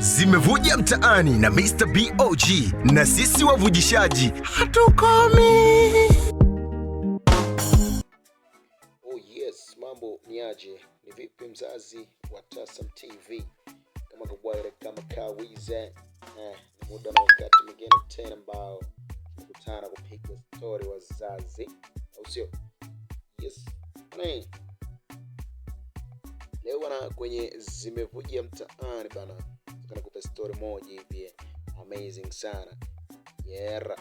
zimevuja mtaani na Mr. BOG na sisi wavujishaji hatukomi. Oh yes, mambo ni aje? Ni vipi mzazi wa Tasam TV? Kama kawaida kama kawize eh, ni muda na wakati mwingine tena ambao kukutana kupiga story wazazi, au sio? Yes. Leo bana kwenye zimevuja mtaani bana nikupe story moja hivi amazing sana yera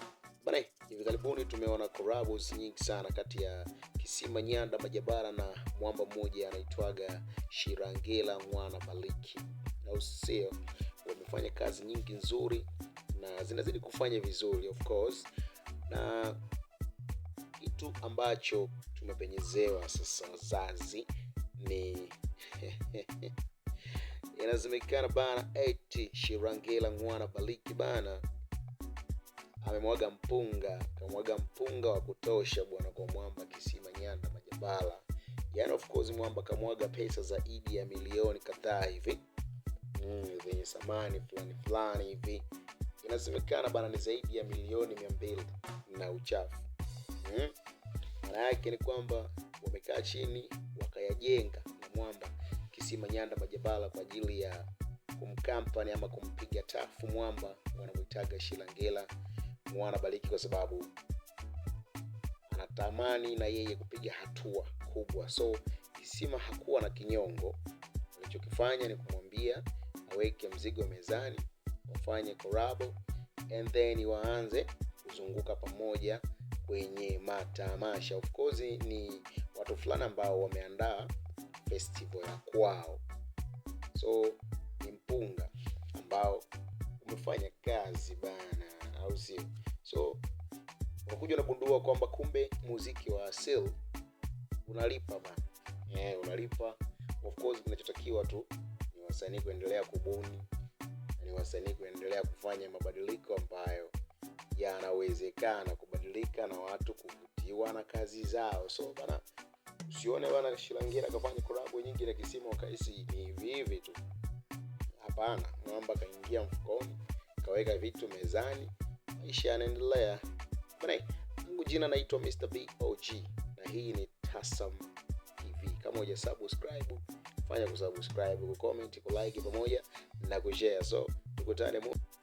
bana. Hivi karibuni tumeona collabs nyingi sana kati ya Kisima Nyanda Majabara na mwamba mmoja anaitwaga Shirangela Mwana Maliki, au sio? Wamefanya kazi nyingi nzuri na zinazidi kufanya vizuri of course, na kitu ambacho tumepenyezewa sasa wazazi ni inazimekana bana, eti Shirangila mwana Baliki bana amemwaga mpunga, amemwaga mpunga wa kutosha bwana kwa mwamba kisima nyanda majabala. Yani of course mwamba kamwaga pesa zaidi ya milioni kadhaa hivi mm, zenye samani fulani fulani hivi inasemekana bana ni zaidi ya milioni mia mbili na uchafu mm. maana mm. yake ni kwamba wamekaa chini wakayajenga na mwamba MC Manyanda Majabala kwa ajili ya kumkampani ama kumpiga tafu mwamba, wanamuitaga Shilangela. Mwana bariki kwa sababu anatamani na yeye kupiga hatua kubwa. So Kisima hakuwa na kinyongo, alichokifanya ni kumwambia aweke mzigo mezani, wafanye korabo and then waanze kuzunguka pamoja kwenye matamasha. Of course ni watu fulani ambao wameandaa festival ya kwao. So ni mpunga ambao umefanya kazi bana, au sio? So unakuja unagundua kwamba kumbe muziki wa asili unalipa bana. Eh, unalipa. Of course kinachotakiwa tu ni wasanii kuendelea kubuni, ni wasanii kuendelea kufanya mabadiliko ambayo yanawezekana kubadilika na watu kuvutiwa na kazi zao. So bana Usione bana Shilangira kafanya collab nyingi na Kisima wakaisi ni hivi hivi tu. Hapana, mwamba kaingia mfukoni, kaweka vitu mezani, maisha yanaendelea. Bana, Mungu jina naitwa Mr. BOG na hii ni Tasam TV. Kama uja subscribe, fanya kusubscribe, kucomment, kulike pamoja na kushare. So tukutane mwa